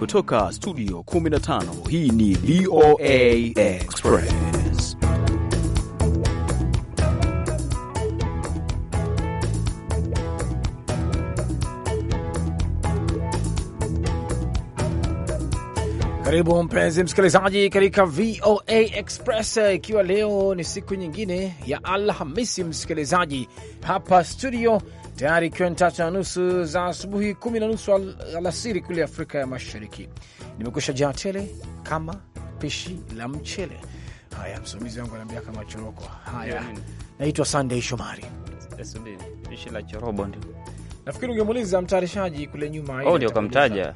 kutoka studio 15 hii ni VOA Express. Karibu mpenzi msikilizaji katika VOA Express, ikiwa leo ni siku nyingine ya Alhamisi, msikilizaji hapa studio tayari ikiwa ni tatu na nusu za asubuhi, kumi na nusu alasiri kule Afrika ya Mashariki. Nimekusha jaa tele kama pishi la mchele. Haya, msimamizi wangu anaambia kama choroko. Haya, naitwa Sunday Shomari. Pishi la chorobo ndio nafikiri ungemuuliza mtayarishaji kule nyuma. Oh, ndio kamtaja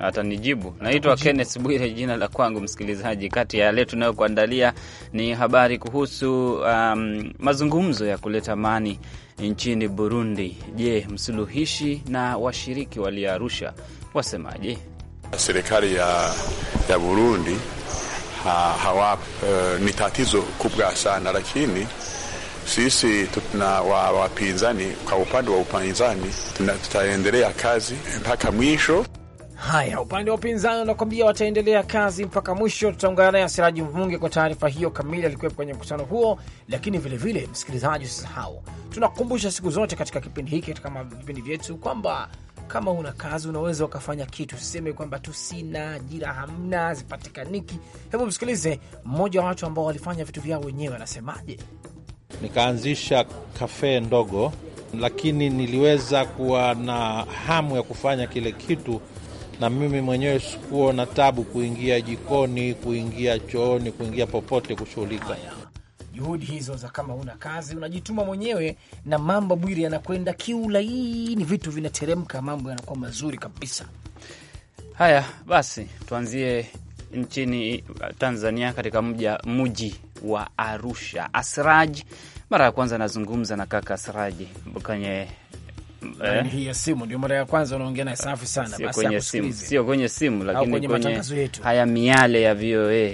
atanijibu. Naitwa Kenneth Bwire jina la kwangu, msikilizaji. Kati ya yale tunayokuandalia ni habari kuhusu um, mazungumzo ya kuleta amani nchini Burundi. Je, msuluhishi na washiriki walio Arusha wasemaje? Serikali ya, ya Burundi ha, hawa, e, ni tatizo kubwa sana lakini sisi tuna wapinzani kwa upande wa upinzani tutaendelea kazi mpaka mwisho. Haya, upande wa upinzani unakwambia wataendelea kazi mpaka mwisho. Tutaungana naye Siraji Mvunge kwa taarifa hiyo kamili, alikuwepo kwenye mkutano huo. Lakini vilevile, msikilizaji, usisahau, tunakukumbusha siku zote katika kipindi hiki, katika vipindi vyetu kwamba kama una kazi unaweza ukafanya kitu, Siseme kwamba tu sina ajira, hamna zipatikaniki. Hebu msikilize mmoja wa watu ambao walifanya vitu vyao wenyewe, anasemaje. Nikaanzisha kafe ndogo, lakini niliweza kuwa na hamu ya kufanya kile kitu na mimi mwenyewe sikuwa na tabu kuingia jikoni, kuingia chooni, kuingia popote kushughulika. Juhudi hizo za kama una kazi unajituma mwenyewe na mambo bwiri yanakwenda kiulaini, vitu vinateremka, mambo yanakuwa mazuri kabisa. Haya basi, tuanzie nchini Tanzania, katika mja, mji wa Arusha. Asraji mara ya kwanza anazungumza na kaka Asraji kwenye eh, hii ya simu ndio mara ya kwanza unaongea naye. Safi sana, sio kwenye simu, sio kwenye simu, lakini kwenye, haya miale ya VOA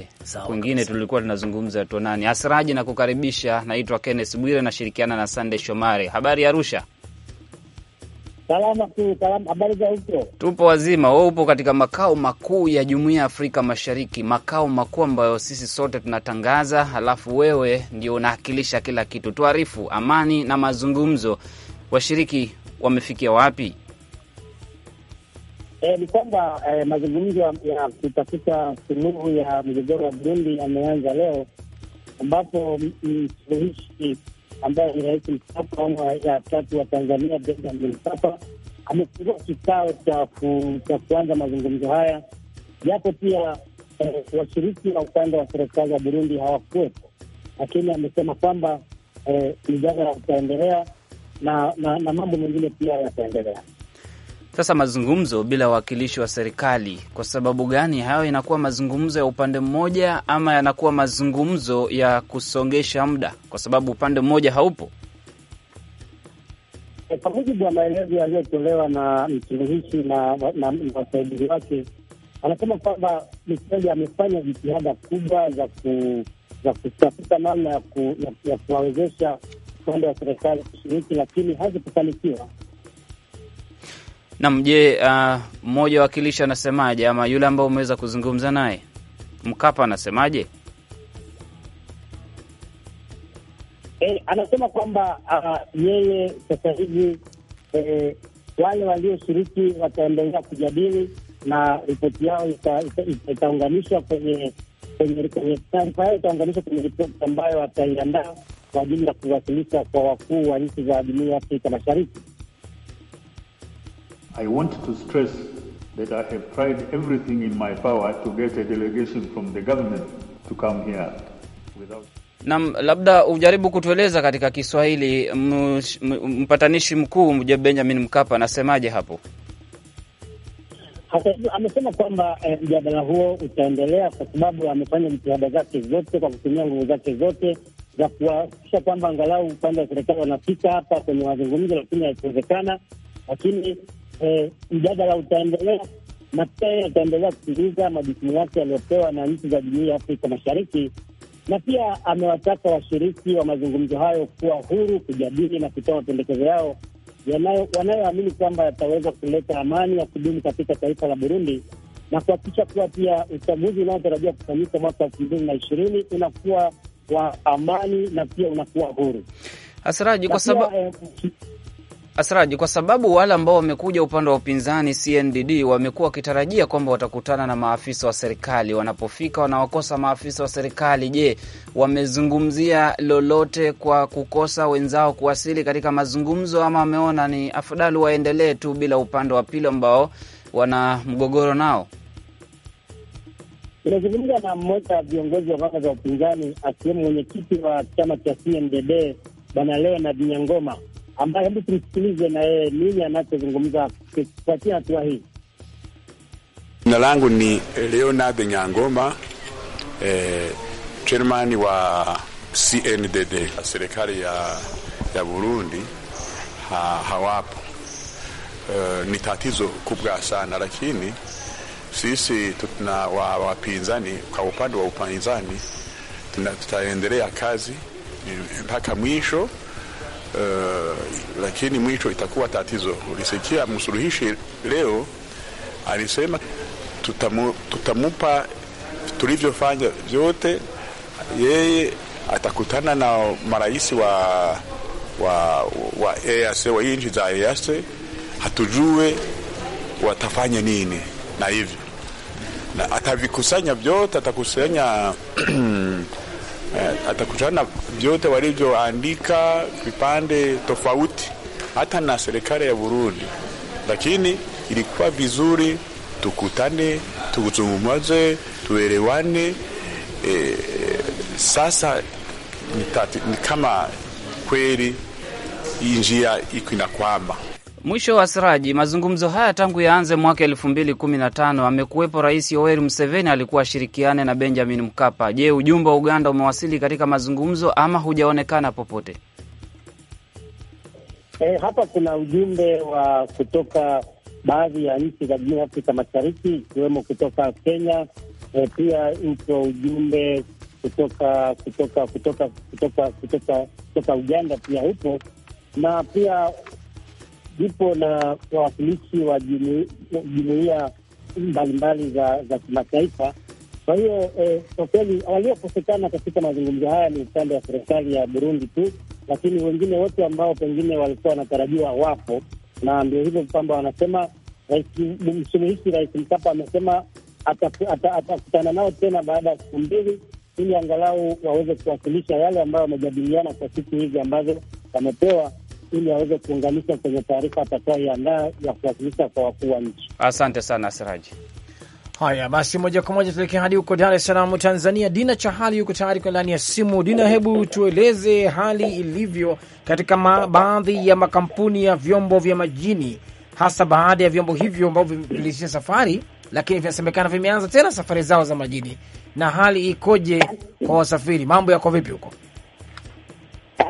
kwingine tulikuwa tunazungumza tuonani. Asiraji na kukaribisha, naitwa Kenneth Bwire, nashirikiana na Sande Shomari. Habari ya Arusha? Salama tu, salama. Habari za huko? Tupo wazima. Wewe upo katika makao makuu ya Jumuiya ya Afrika Mashariki, makao makuu ambayo sisi sote tunatangaza, halafu wewe ndio unawakilisha kila kitu. Tuarifu amani na mazungumzo, washiriki wamefikia wapi? E, ni kwamba e, mazungumzo ya kutafuta suluhu ya mgogoro wa Burundi yameanza leo, ambapo msuluhishi ambaye ni rais mstaafu ya tatu wa Tanzania Benjamin Mkapa amefungua kikao cha kuanza mazungumzo haya, japo pia e, washiriki wa upande wa serikali ya Burundi hawakuwepo, lakini amesema kwamba e, mjadala utaendelea na, na, na mambo mengine pia yataendelea. Sasa mazungumzo bila wawakilishi wa serikali, kwa sababu gani hayo? Inakuwa mazungumzo ya upande mmoja ama yanakuwa mazungumzo ya kusongesha muda, kwa sababu upande mmoja haupo? E, kwa mujibu wa maelezo yaliyotolewa na msuluhishi na, na wasaidizi wake, anasema kwamba Mseveni amefanya jitihada kubwa za kutafuta namna ya kuwawezesha upande wa serikali kushiriki, lakini hazikufanikiwa. Nam, je, uh, mmoja uh, wakilishi anasemaje, ama yule ambao umeweza kuzungumza naye Mkapa anasemaje? E, anasema kwamba uh, yeye sasa hivi eh, wale walioshiriki wataendelea kujadili na ripoti yao itaunganishwa kwenye kwenye taarifa yao itaunganishwa kwenye ripoti ambayo wataiandaa kwa ajili ya kuwasilisha kwa wakuu wa nchi za jumuiya ya Afrika Mashariki. I want to stress that I have tried everything in my power to get a delegation from the government to come here without... Nam, labda ujaribu kutueleza katika Kiswahili, mpatanishi mkuu mje Benjamin Mkapa anasemaje hapo? Amesema kwamba eh, mjadala eh, huo utaendelea kwa sababu amefanya jitihada zake zote kwa kutumia nguvu zake zote za kuhakikisha kwamba angalau upande wa serikali wanafika hapa kwenye mazungumzo, lakini haikuwezekana. Lakini eh, mjadala utaendelea na pia yeye ataendelea kutimiza majukumu yake yaliyopewa na nchi za jumuiya ya Afrika Mashariki, na pia amewataka washiriki wa mazungumzo hayo kuwa huru kujadili na kutoa mapendekezo yao wanayoamini kwamba yataweza kuleta amani ya kudumu katika taifa la Burundi na kuhakikisha kuwa pia uchaguzi unaotarajiwa kufanyika mwaka elfu mbili na ishirini unakuwa kwa amani na pia unakuwa huru. Asiraji kwa sababu eh, Asraji, kwa sababu wale ambao wamekuja upande wa upinzani CNDD wamekuwa wakitarajia kwamba watakutana na maafisa wa serikali. Wanapofika wanawakosa maafisa wa serikali. Je, wamezungumzia lolote kwa kukosa wenzao kuwasili katika mazungumzo, ama wameona ni afadhali waendelee tu bila upande wa pili ambao wana mgogoro nao? Nimezungumza na mmoja wa viongozi wa vyama vya upinzani akiwemo mwenyekiti wa chama cha CNDD Bwana Leonard Nyangoma, ambaye hebu tumsikilize na yeye nini anachozungumza kufuatia hatua hii. Jina langu ni Leonard Nyangoma, eh, chairman wa CNDD. Serikali ya, ya Burundi ha, hawapo. Eh, ni tatizo kubwa sana lakini sisi tuna wa, wapinzani kwa upande wa upinzani tutaendelea kazi eh, mpaka mwisho. Uh, lakini mwisho itakuwa tatizo. Ulisikia msuluhishi leo alisema tutamu, tutamupa tulivyofanya vyote, yeye atakutana na marais wa wa wa EAC wa nchi za EAC, hatujue watafanya nini na hivyo na atavikusanya vyote, atakusanya eh, atakusanya vyote walivyoandika vipande tofauti, hata na serikali ya Burundi. Lakini ilikuwa vizuri tukutane, tukuzungumze, tuelewane. Eh, sasa ni kama kweli injia iko inakwama. Mwisho wa Siraji, mazungumzo haya tangu yaanze mwaka elfu mbili kumi na tano amekuwepo Rais Yoweri Museveni alikuwa ashirikiane na Benjamin Mkapa. Je, ujumbe wa Uganda umewasili katika mazungumzo ama hujaonekana popote? E, hapa kuna ujumbe wa kutoka baadhi ya nchi za jumuiya ya Afrika Mashariki ikiwemo kutoka Kenya. E, pia upo ujumbe kutoka kutoka kutoka kutoka kutoka kutoka Uganda pia upo na pia ndipo na wawakilishi wa jumuia mbalimbali za, za kimataifa. Kwa hiyo eh, kwa kweli eh, waliokosekana katika mazungumzo haya ni upande wa serikali ya Burundi tu, lakini wengine wote ambao pengine walikuwa wanatarajiwa wapo, na ndio hivyo kwamba wanasema msuluhishi Rais Mkapa amesema atakutana nao tena baada ya siku mbili ili angalau waweze kuwasilisha yale ambayo wamejadiliana kwa siku hizi ambazo wamepewa ili aweze kuunganisha kwenye taarifa atakayoiandaa ya kuwasilisha kwa wakuu wa nchi. Asante sana Siraji. Haya basi, moja kwa moja tuelekea hadi huko Dar es Salaam, Tanzania. Dina Chahali yuko tayari kwa ndani ya simu. Dina, hebu tueleze hali ilivyo katika baadhi ya makampuni ya vyombo vya majini, hasa baada ya vyombo hivyo ambavyo vilishia safari lakini vinasemekana vimeanza tena safari zao za majini, na hali ikoje kwa wasafiri? Mambo yako vipi huko?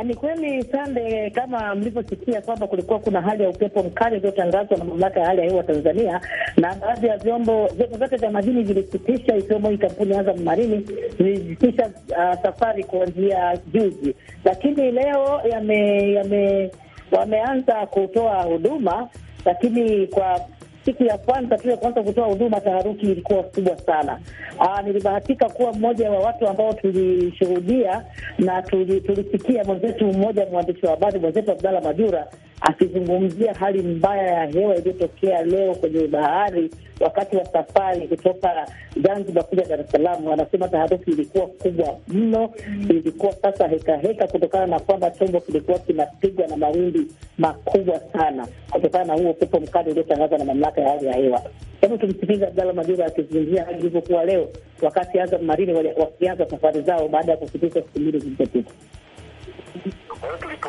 Ni kweli Sande, kama mlivyosikia kwamba kulikuwa kuna hali ya upepo mkali uliotangazwa na mamlaka ya hali ya hewa Tanzania, na baadhi ya vyombo vyombo vyote vya majini vilisitisha, ikiwemo hii kampuni Azam Marini vilisitisha uh, safari kuanzia juzi, lakini leo yame, yame, wameanza kutoa huduma, lakini kwa siku ya kwanza tu ya kwanza kutoa huduma, taharuki ilikuwa kubwa sana. Aa, ah, nilibahatika kuwa mmoja wa watu ambao tulishuhudia na tulisikia mwenzetu mmoja, mwandishi wa habari mwenzetu abdala Majura akizungumzia hali mbaya ya hewa iliyotokea leo kwenye bahari wakati wa safari kutoka Zanzibar kuja Dar es Salaam. Wanasema taharuki ilikuwa kubwa mno, ilikuwa sasa hekaheka, kutokana na kwamba chombo kilikuwa kinapigwa na mawimbi makubwa sana, kutokana na huo upepo mkali uliotangazwa na mamlaka ya hali ya hewa. Hebu tumsikiliza abdala Majura akizungumzia hali ilivyokuwa leo wakati Azam Marini wakianza safari zao baada ya kusitisha siku mbili zilizopita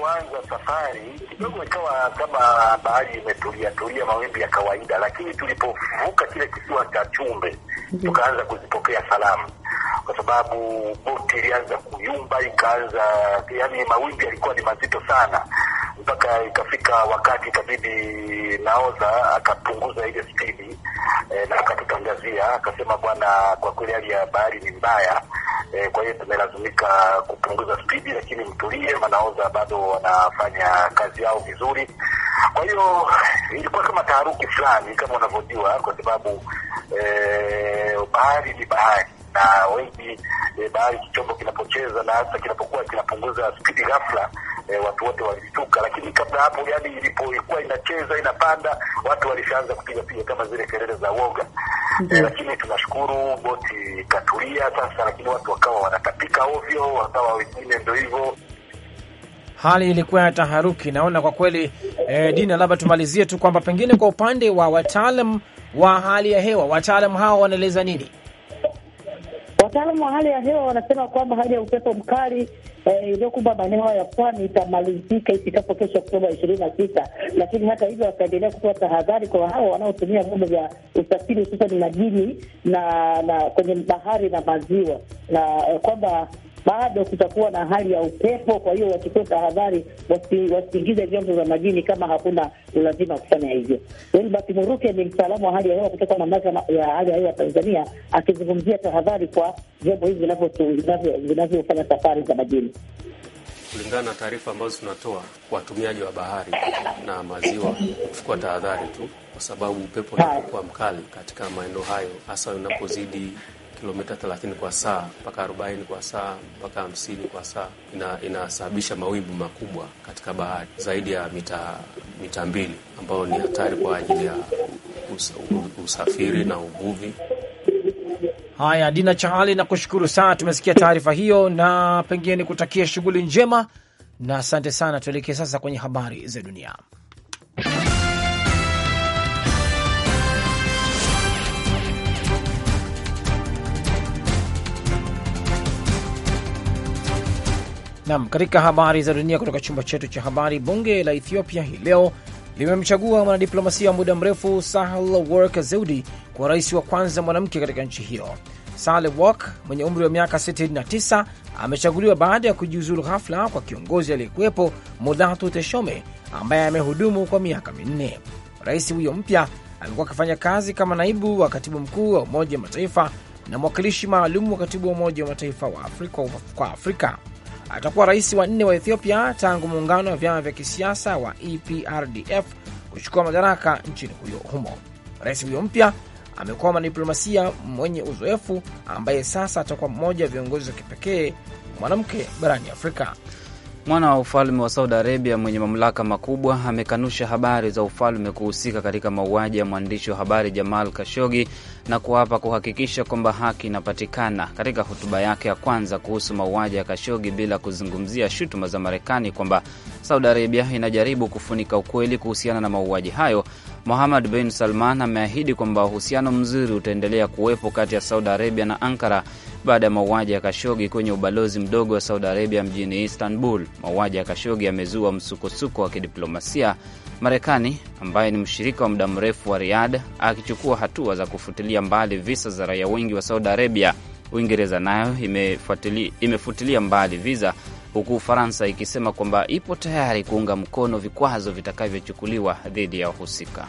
tulipoanza safari kidogo ikawa kama bahari imetulia tulia, mawimbi ya kawaida, lakini tulipovuka kile kisiwa cha Chumbe tukaanza kuzipokea salamu, kwa sababu boti ilianza kuyumba, ikaanza yani, mawimbi yalikuwa ni mazito sana, mpaka ikafika wakati ikabidi naoza akapunguza ile spidi e, na akatutangazia akasema, bwana, kwa kweli hali ya bahari ni mbaya E, kwa hiyo tumelazimika kupunguza spidi, lakini mtulie, manaoza bado wanafanya kazi yao vizuri. Kwa hiyo ilikuwa kama taharuki fulani, kama unavyojua, kwa sababu e, bahari ni bahari na wengi e, bahari, kichombo kinapocheza na hasa kinapokuwa kinapunguza spidi ghafla e, watu wote walishtuka, lakini kabla hapo, yani ilipokuwa inacheza inapanda, watu walishaanza kupiga piga kama zile kelele za woga e, lakini tunashukuru boti ikatulia sasa, lakini watu wakawa wanatapika ovyo, wakawa wengine ndio hivyo hali ilikuwa ya taharuki. Naona kwa kweli eh, Dina, labda tumalizie tu kwamba pengine kwa upande wa wataalam wa hali ya hewa, wataalam hawa wanaeleza nini? Wataalam wa hali ya hewa wanasema kwamba hali ya upepo mkali Eh, iliyokumba maeneo ya pwani itamalizika ifikapo kesho Oktoba ishirini na sita, lakini hata hivyo wataendelea kutoa tahadhari kwa hao wanaotumia vyombo vya usafiri hususani majini na na kwenye bahari na maziwa, na eh, kwamba bado kutakuwa na hali ya upepo. Kwa hiyo wachukue tahadhari, wasiingize vyombo vya majini kama hakuna ulazima wa kufanya hivyo. Wilbert Muruke ni mtaalamu wa hali ya hewa kutoka mamlaka ya hali ya hewa Tanzania, akizungumzia tahadhari kwa vyombo hivi vinavyofanya safari za majini. Kulingana na taarifa ambazo tunatoa watumiaji wa bahari na maziwa, kuchukua tahadhari tu, kwa sababu upepo unapokuwa mkali katika maeneo hayo, hasa unapozidi kilomita 30 kwa saa mpaka 40 kwa saa mpaka 50 kwa saa ina, inasababisha mawimbi makubwa katika bahari zaidi ya mita, mita mbili ambayo ni hatari kwa ajili ya us, usafiri na uvuvi. Haya, Dina Chahali, na kushukuru sana. Tumesikia taarifa hiyo na pengine kutakia shughuli njema na asante sana. Tuelekee sasa kwenye habari za dunia. Nam, katika habari za dunia kutoka chumba chetu cha habari, bunge la Ethiopia hii leo limemchagua mwanadiplomasia wa muda mrefu Sahle Work Zewde kuwa rais wa kwanza mwanamke katika nchi hiyo. Sahle Work mwenye umri wa miaka 69 amechaguliwa baada ya kujiuzulu ghafla kwa kiongozi aliyekuwepo Mudhatu Teshome ambaye amehudumu kwa miaka minne. Rais huyo mpya amekuwa akifanya kazi kama naibu wa katibu mkuu wa Umoja wa Mataifa na mwakilishi maalum wa katibu wa Umoja wa Mataifa wa Afrika, kwa Afrika atakuwa rais wa nne wa Ethiopia tangu muungano wa vyama vya kisiasa wa EPRDF kuchukua madaraka nchini huyo humo. Rais huyo mpya amekuwa mwanadiplomasia mwenye uzoefu ambaye sasa atakuwa mmoja wa viongozi wa kipekee mwanamke barani Afrika. Mwana wa ufalme wa Saudi Arabia mwenye mamlaka makubwa amekanusha habari za ufalme kuhusika katika mauaji ya mwandishi wa habari Jamal Kashogi na kuapa kuhakikisha kwamba haki inapatikana. Katika hotuba yake ya kwanza kuhusu mauaji ya Kashogi, bila kuzungumzia shutuma za Marekani kwamba Saudi Arabia inajaribu kufunika ukweli kuhusiana na mauaji hayo, Mohamad bin Salman ameahidi kwamba uhusiano mzuri utaendelea kuwepo kati ya Saudi Arabia na Ankara baada ya mauaji ya Kashogi kwenye ubalozi mdogo wa Saudi Arabia mjini Istanbul. Mauaji ya Kashogi yamezua msukosuko wa kidiplomasia, Marekani ambaye ni mshirika wa muda mrefu wa riad akichukua hatua za kufutilia mbali visa za raia wengi wa Saudi Arabia. Uingereza nayo imefutilia mbali visa huku Ufaransa ikisema kwamba ipo tayari kuunga mkono vikwazo vitakavyochukuliwa dhidi ya wahusika.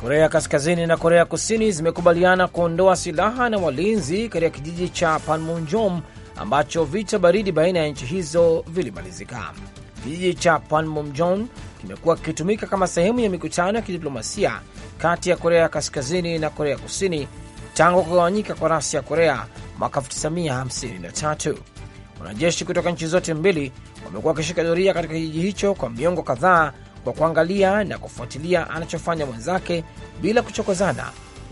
Korea Kaskazini na Korea Kusini zimekubaliana kuondoa silaha na walinzi katika kijiji cha Panmunjom ambacho vita baridi baina ya nchi hizo vilimalizika. Kijiji cha Panmunjom kimekuwa kikitumika kama sehemu ya mikutano ya kidiplomasia kati ya Korea Kaskazini na Korea Kusini tangu kugawanyika kwa rasi ya Korea mwaka 1953. Wanajeshi kutoka nchi zote mbili wamekuwa wakishika doria katika kijiji hicho kwa miongo kadhaa kwa kuangalia na kufuatilia anachofanya mwenzake bila kuchokozana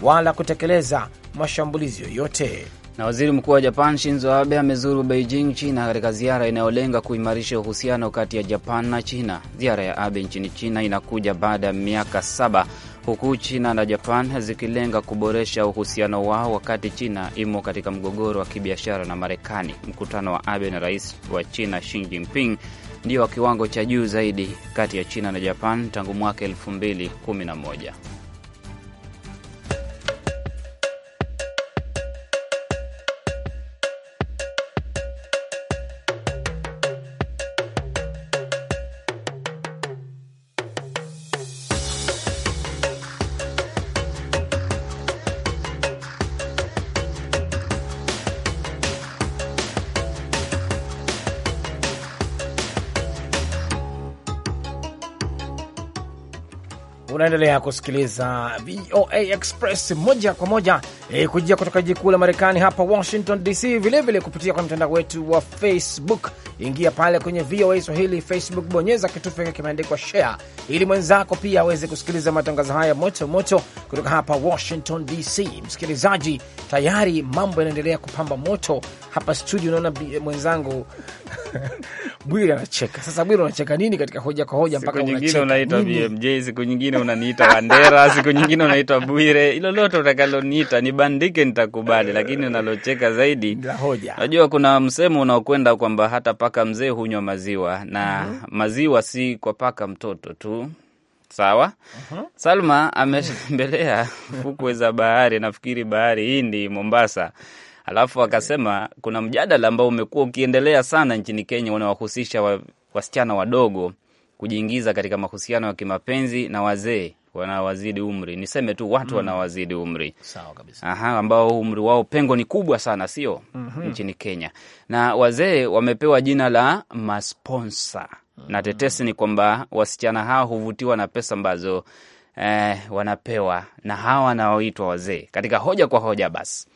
wala kutekeleza mashambulizi yoyote. Na waziri mkuu wa Japan Shinzo Abe amezuru Beijing, China, katika ziara inayolenga kuimarisha uhusiano kati ya Japan na China. Ziara ya Abe nchini China inakuja baada ya miaka saba huku China na Japan zikilenga kuboresha uhusiano wao wakati China imo katika mgogoro wa kibiashara na Marekani. Mkutano wa Abe na rais wa China Xi Jinping ndio wa kiwango cha juu zaidi kati ya China na Japan tangu mwaka 2011. Unaendelea kusikiliza VOA Express moja kwa moja e, kujia kutoka jiji kuu la Marekani hapa Washington DC, vilevile kupitia kwenye mtandao wetu wa Facebook ingia pale kwenye VOA Swahili Facebook, bonyeza kitufe kimeandikwa share ili mwenzako pia aweze kusikiliza matangazo haya moto moto kutoka hapa Washington DC. Msikilizaji, tayari mambo yanaendelea kupamba moto hapa studio. Unaona mwenzangu Bwiri anacheka. Sasa Bwiri unacheka nini katika hoja kwa hoja? Mpaka nyingine unaitwa BMJ, siku nyingine unaniita Wandera, siku nyingine unaitwa Bwire. Lolote utakaloniita nibandike, nitakubali, lakini unalocheka zaidi, Najua kuna msemo unaokwenda kwamba hata paka mzee hunywa maziwa na mm maziwa si kwa paka mtoto tu. Sawa. uh mhm. -huh. Salma ametembelea fukwe za bahari, nafikiri bahari Hindi, Mombasa. Alafu akasema kuna mjadala ambao umekuwa ukiendelea sana nchini Kenya, unawahusisha wa, wasichana wadogo kujiingiza katika mahusiano ya kimapenzi na wazee wanawazidi umri, niseme tu watu mm. wanawazidi umri. Sawa kabisa. Aha, ambao umri wao pengo ni kubwa sana, sio mm -hmm. nchini Kenya, na wazee wamepewa jina la masponsa mm -hmm. na tetesi ni kwamba wasichana hao huvutiwa na pesa ambazo eh, wanapewa na hawa wanaoitwa wazee. Katika hoja kwa hoja, basi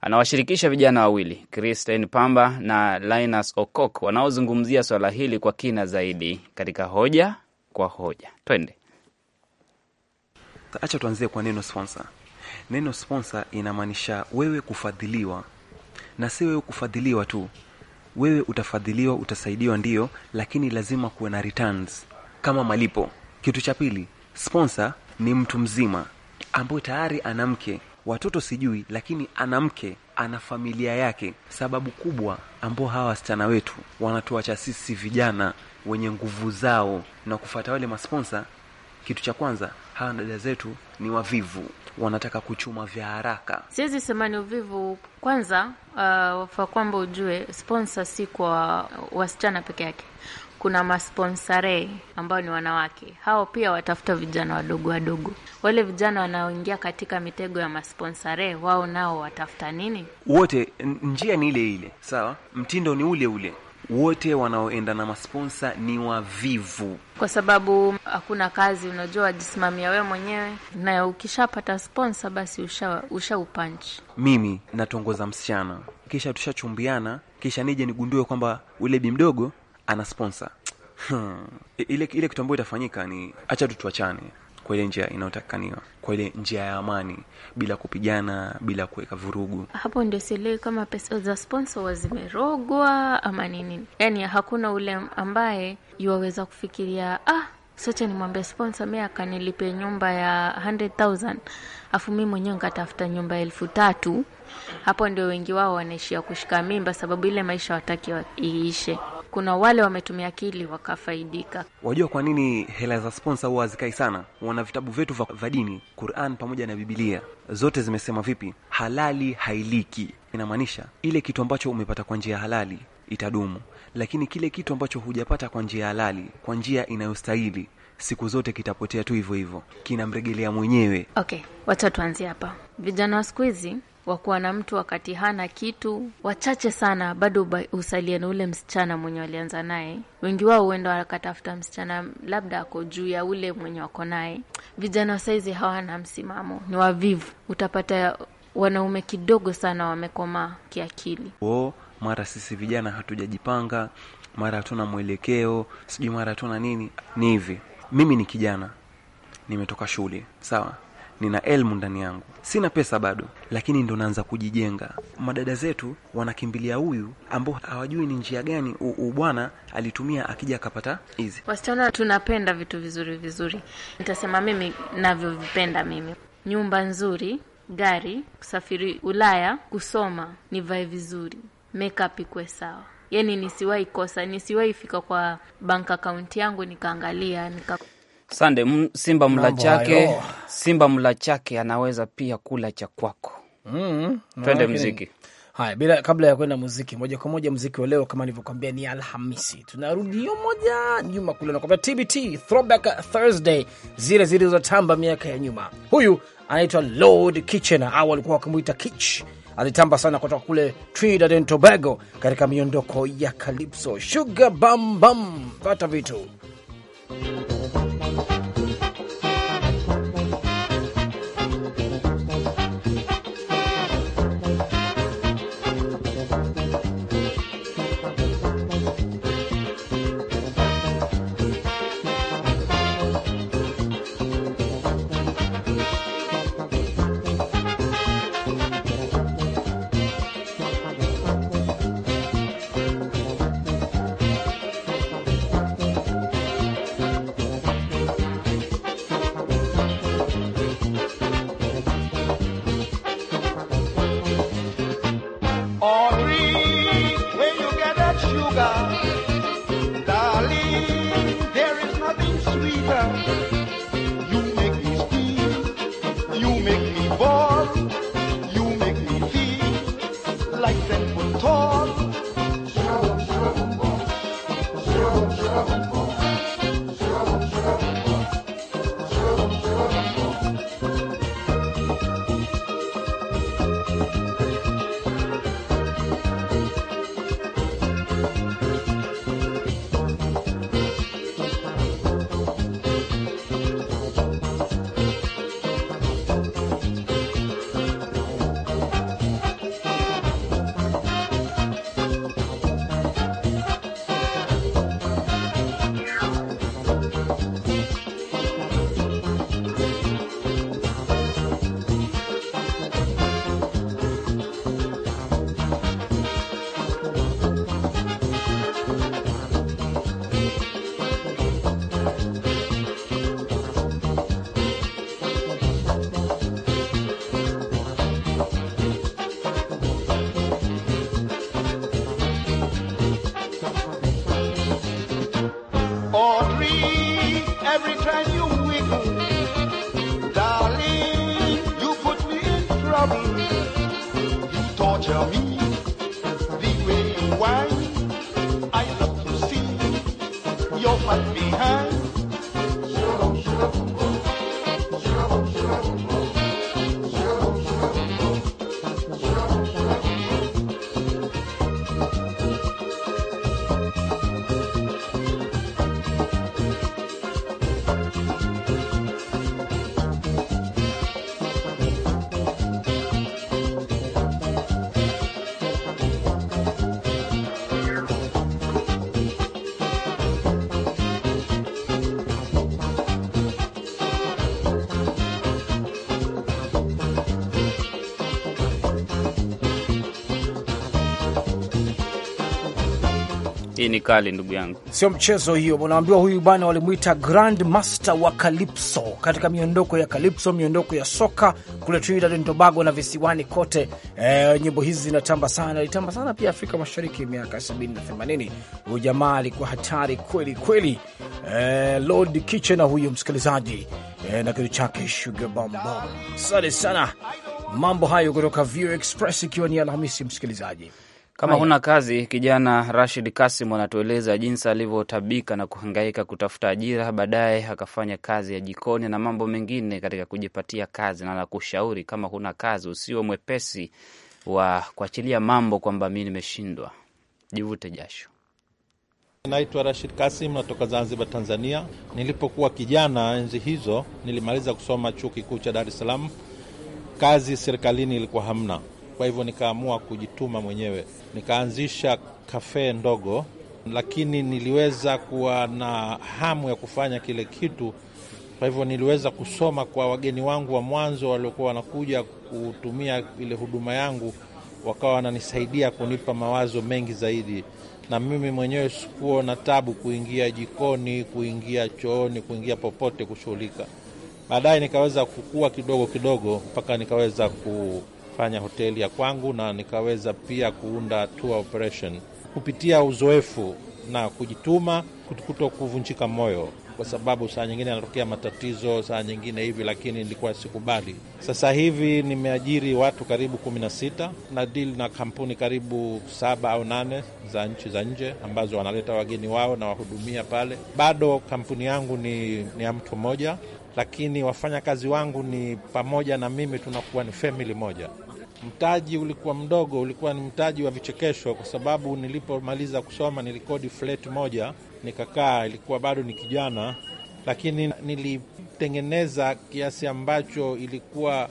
anawashirikisha vijana wawili Christine Pamba na Linus Okok wanaozungumzia swala hili kwa kina zaidi katika hoja kwa hoja. Twende. Acha tuanzie kwa neno sponsor. Neno sponsor inamaanisha wewe kufadhiliwa, na si wewe kufadhiliwa tu. Wewe utafadhiliwa, utasaidiwa, ndiyo, lakini lazima kuwe na returns kama malipo. Kitu cha pili, sponsor ni mtu mzima ambaye tayari ana mke, watoto sijui, lakini ana mke, ana familia yake. Sababu kubwa ambao hawa wasichana wetu wanatuacha sisi vijana wenye nguvu zao na kufuata wale masponsa kitu cha kwanza hawa dada zetu ni wavivu, wanataka kuchuma vya haraka. Siwezi sema ni uvivu. Kwanza uh, wafaa kwamba ujue sponsor si kwa wasichana peke yake kuna masponsare ambao ni wanawake. Hao pia watafuta vijana wadogo wadogo. Wale vijana wanaoingia katika mitego ya masponsare, wao nao watafuta nini? Wote njia ni ile ile, sawa, mtindo ni ule ule wote wanaoenda na masponsa ni wavivu, kwa sababu hakuna kazi. Unajua, wajisimamia wewe mwenyewe, na ukishapata sponsa basi ushaupanchi usha Mimi natongoza msichana, kisha tushachumbiana, kisha nije nigundue kwamba ule bi mdogo ana sponsa. Hmm. Ile, ile kitu ambayo itafanyika ni acha tu tuachane kwa ile njia inayotakaniwa, kwa ile njia ya amani, bila kupigana, bila kuweka vurugu. Hapo ndio sielewi kama pesa za sponsor zimerogwa ama nini, yaani hakuna ule ambaye yuwaweza kufikiria ah, socha nimwambia sponsor mi akanilipe nyumba ya 100,000 afu mi mwenyewe nkatafuta nyumba ya elfu tatu. Hapo ndio wengi wao wanaishia kushika mimba, sababu ile maisha wataki iishe kuna wale wametumia akili wakafaidika. Wajua kwa nini hela za sponsor huwa hazikai sana? Wana vitabu vyetu vya dini, Quran pamoja na bibilia zote zimesema vipi? Halali hailiki. Inamaanisha ile kitu ambacho umepata kwa njia halali itadumu, lakini kile kitu ambacho hujapata kwa njia halali, kwa njia inayostahili siku zote kitapotea tu hivyo hivyo, kinamregelea mwenyewe. Okay, wacha tuanzie hapa. Vijana wa siku hizi wa kuwa na mtu wakati hana kitu. Wachache sana bado husalia na ule msichana mwenye walianza naye. Wengi wao huenda wakatafuta msichana labda ako juu ya ule mwenye wako naye. Vijana wa saizi hawana msimamo, ni wavivu. Utapata wanaume kidogo sana wamekomaa kiakili. O, mara sisi vijana hatujajipanga, mara hatuna mwelekeo, sijui mara hatuna nini. Ni hivi, mimi ni kijana, nimetoka shule, sawa nina elmu ndani yangu sina pesa bado lakini ndo naanza kujijenga madada zetu wanakimbilia huyu ambao hawajui ni njia gani ubwana alitumia akija akapata hizi wasichana tunapenda vitu vizuri vizuri nitasema mimi navyovipenda mimi nyumba nzuri gari kusafiri ulaya kusoma nivae vizuri makeup ikwe sawa yani nisiwahi kosa nisiwahi fika kwa bank akaunti yangu nikaangalia nika Sande, simba mla chake, simba mla chake anaweza pia kula cha kwako. Mm, twende mziki. Haya, bila kabla ya kwenda muziki moja kwa moja, muziki wa leo kama nilivyokwambia ni Alhamisi, tunarudi hiyo moja nyuma kule, nakwambia TBT throwback Thursday, zile zilizotamba miaka ya nyuma. Huyu anaitwa Lord Kitchener au alikuwa wakimwita Kitch, alitamba sana kutoka kule Trinidad and Tobago katika miondoko ya calypso, sugar bam bam, pata vitu Thank you. Hii ni kali, ndugu yangu, sio mchezo hiyo. Unaambiwa huyu bwana walimwita Grand Master wa Kalipso katika miondoko ya kalipso, miondoko ya soka kule Trinidad and Tobago na visiwani kote. E, nyimbo hizi zinatamba sana, ilitamba sana pia Afrika Mashariki miaka 70 na 80. Huyu jamaa alikuwa hatari kweli kweli. E, Lord Kitchen na huyu msikilizaji e, na kitu chake Sugar Bomb. Asante sana mambo hayo kutoka View Express, ikiwa ni Alhamisi msikilizaji kama huna kazi, kijana Rashid Kasim anatueleza jinsi alivyotabika na kuhangaika kutafuta ajira, baadaye akafanya kazi ya jikoni na mambo mengine katika kujipatia kazi, na nakushauri kama huna kazi, usiwe mwepesi wa kuachilia mambo kwamba mi nimeshindwa, jivute jasho. Naitwa Rashid Kasim, natoka Zanzibar, Tanzania. Nilipokuwa kijana enzi hizo, nilimaliza kusoma chuo kikuu cha Dar es Salaam. Kazi serikalini ilikuwa hamna kwa hivyo nikaamua kujituma mwenyewe, nikaanzisha kafe ndogo, lakini niliweza kuwa na hamu ya kufanya kile kitu. Kwa hivyo niliweza kusoma kwa wageni wangu wa mwanzo waliokuwa wanakuja kutumia ile huduma yangu, wakawa wananisaidia kunipa mawazo mengi zaidi, na mimi mwenyewe sikuwa na tabu kuingia jikoni, kuingia chooni, kuingia popote kushughulika. Baadaye nikaweza kukua kidogo kidogo mpaka nikaweza ku fanya hoteli ya kwangu na nikaweza pia kuunda tour operation kupitia uzoefu na kujituma, kuto kuvunjika moyo, kwa sababu saa nyingine anatokea matatizo, saa nyingine hivi, lakini nilikuwa sikubali. Sasa hivi nimeajiri watu karibu kumi na sita na deal na kampuni karibu saba au nane za nchi za nje ambazo wanaleta wageni wao na wahudumia pale. Bado kampuni yangu ni, ni ya mtu mmoja, lakini wafanyakazi wangu ni pamoja na mimi, tunakuwa ni family moja. Mtaji ulikuwa mdogo, ulikuwa ni mtaji wa vichekesho, kwa sababu nilipomaliza kusoma nilikodi flat moja nikakaa, ilikuwa bado ni kijana, lakini nilitengeneza kiasi ambacho ilikuwa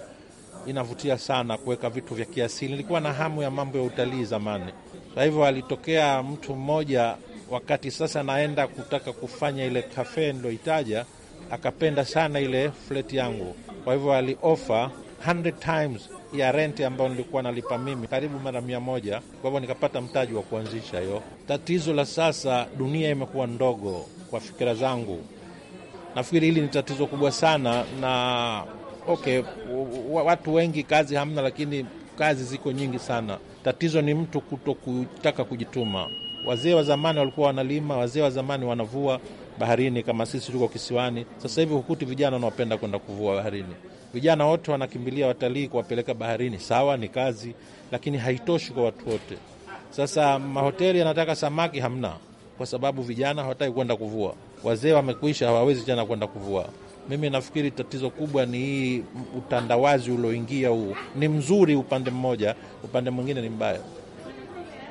inavutia sana kuweka vitu vya kiasili. Nilikuwa na hamu ya mambo ya utalii zamani. Kwa hivyo alitokea mtu mmoja, wakati sasa naenda kutaka kufanya ile kafe niloitaja, akapenda sana ile fleti yangu, kwa hivyo aliofa 100 times ya renti ambayo nilikuwa nalipa mimi karibu mara mia moja. Kwa hivyo nikapata mtaji wa kuanzisha hiyo. Tatizo la sasa, dunia imekuwa ndogo kwa fikira zangu. Nafikiri hili ni tatizo kubwa sana, na okay, watu wengi kazi hamna, lakini kazi ziko nyingi sana. Tatizo ni mtu kuto kutaka kujituma. Wazee wa zamani walikuwa wanalima, wazee wa zamani wanavua baharini kama sisi tuko kisiwani. Sasa hivi hukuti vijana wanaopenda kwenda kuvua baharini, vijana wote wanakimbilia watalii kuwapeleka baharini. Sawa, ni kazi, lakini haitoshi kwa watu wote. Sasa mahoteli yanataka samaki, hamna, kwa sababu vijana hawataki kwenda kuvua. Wazee wamekwisha, hawawezi tena kwenda kuvua. Mimi nafikiri tatizo kubwa ni hii utandawazi ulioingia huu. Ni mzuri upande mmoja, upande mwingine ni mbaya.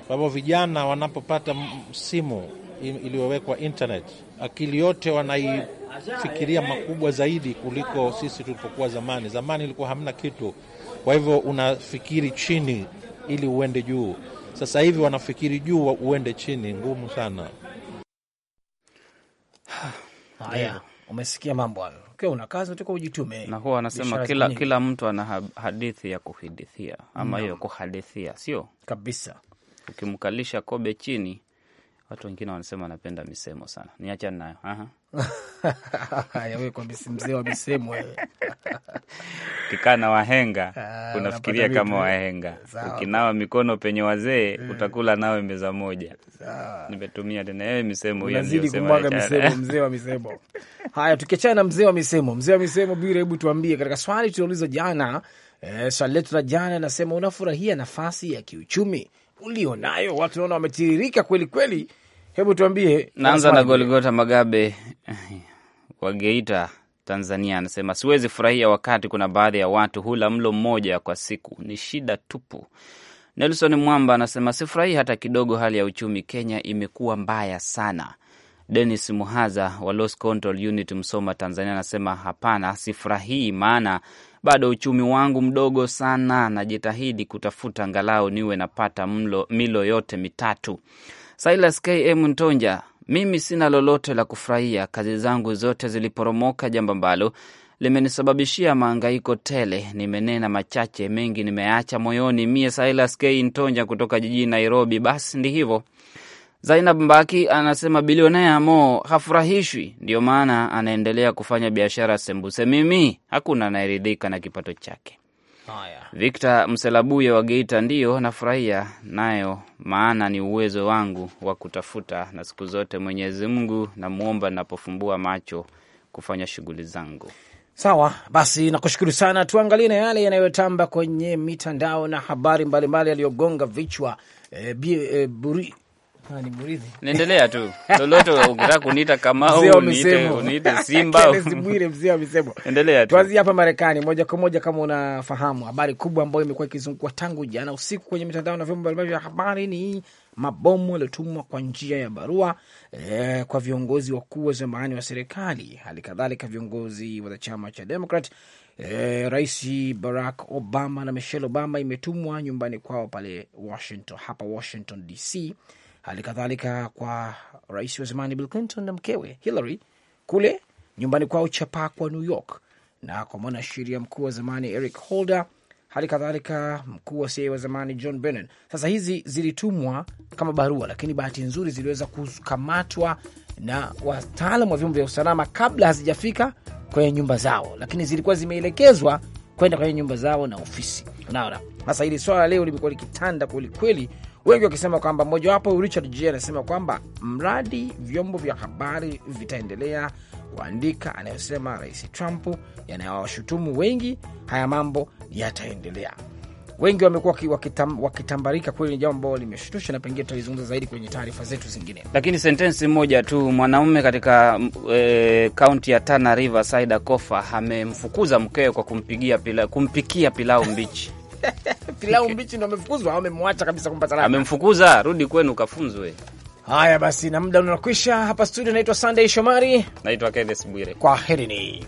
Kwa hivyo vijana wanapopata simu iliyowekwa internet, akili yote wanaifikiria makubwa zaidi kuliko sisi tulipokuwa zamani. Zamani ilikuwa hamna kitu, kwa hivyo unafikiri chini ili uende juu. Sasa hivi wanafikiri juu uende chini, ngumu sana. Haya, umesikia mambo hayo. Ukiwa una kazi unatakiwa ujitume, na huwa anasema kila, kila mtu ana hadithi ya kuhadithia ama hiyo no. kuhadithia sio kabisa. Ukimkalisha kobe chini Watu wengine wanasema wanapenda misemo sana, niachana nayo. Mzee wa misemo wewe, ukikaa na wahenga ah, unafikiria kama wahenga. Ukinawa mikono penye wazee eh. utakula nawe meza moja. Nimetumia tena ewe misemo, mzee wa misemo. Haya, tukiachana na mzee wa misemo, mzee wa misemo Bwire, hebu tuambie katika swali tuliuliza jana, eh, swali letu la jana inasema unafurahia nafasi ya kiuchumi ulionayo? Watu naona wametiririka kweli kweli Hebu tuambie, naanza na Goligota Magabe wa Geita, Tanzania, anasema siwezi furahia wakati kuna baadhi ya watu hula mlo mmoja kwa siku, ni shida tupu. Nelson Mwamba anasema sifurahii hata kidogo, hali ya uchumi Kenya imekuwa mbaya sana. Denis Muhaza wa Loss Control Unit, Msoma, Tanzania, anasema hapana, sifurahii maana bado uchumi wangu mdogo sana, najitahidi kutafuta angalau niwe napata mlo milo yote mitatu. Silas KM Ntonja, mimi sina lolote la kufurahia. Kazi zangu zote ziliporomoka, jambo ambalo limenisababishia maangaiko tele. Nimenena machache, mengi nimeacha moyoni. Mie Silas K Ntonja kutoka jijini Nairobi. Basi ndi hivyo. Zainab Mbaki anasema bilionea Mo hafurahishwi, ndio maana anaendelea kufanya biashara sembuse. Mimi hakuna anayeridhika na kipato chake. Victor Mselabuye wa Geita, ndiyo nafurahia nayo, maana ni uwezo wangu wa kutafuta, na siku zote Mwenyezi Mungu namwomba napofumbua macho kufanya shughuli zangu. Sawa basi, nakushukuru sana. Tuangalie na yale yanayotamba kwenye mitandao na habari mbalimbali yaliyogonga vichwa. E, e, Niendelea tu lolote, ukitaka kuniita kama uniite, uniite Simba Zibwire, mzee amesemwa. Endelea tu. Tuanzie hapa Marekani moja kwa moja, kama unafahamu habari kubwa ambayo imekuwa ikizungua tangu jana usiku kwenye mitandao na vyombo mbalimbali vya habari ni mabomu yaliyotumwa kwa njia ya barua eh, kwa viongozi wakuu wa zamani wa serikali, hali kadhalika viongozi wa chama cha Democrat. Eh, Rais Barack Obama na Michelle Obama imetumwa nyumbani kwao pale Washington, hapa Washington DC hali kadhalika kwa rais wa zamani Bill Clinton na mkewe Hillary kule nyumbani kwao Chapakwa, New York, na kwa mwanasheria mkuu wa zamani Eric Holder, hali kadhalika mkuu wa CIA e wa zamani John Brennan. Sasa hizi zilitumwa kama barua, lakini bahati nzuri ziliweza kukamatwa na wataalam wa vyombo vya usalama kabla hazijafika kwenye nyumba zao, lakini zilikuwa zimeelekezwa kwenda kwenye nyumba zao na ofisi. Unaona, sasa hili swala leo limekuwa likitanda kwelikweli wengi wakisema kwamba mojawapo, Richard j anasema kwamba mradi vyombo vya habari vitaendelea kuandika anayosema Rais Trump, yanayowashutumu wengi, haya mambo yataendelea. Wengi wamekuwa wakitam, wakitambarika. Kweli ni jambo ambalo limeshutusha, na pengine tutalizungumza zaidi kwenye taarifa zetu zingine, lakini sentensi moja tu, mwanaume katika e, kaunti e, ya Tana River Saida Kofa amemfukuza mkewe kwa kumpigia pila, kumpikia pilau mbichi pilau mbichi ndo amefukuzwa au amemwacha kabisa kumpa talaka? Amemfukuza, rudi kwenu kafunzwe. Haya basi, na muda unakwisha hapa studio. Naitwa Sunday Shomari, naitwa Kenneth Bwire, herini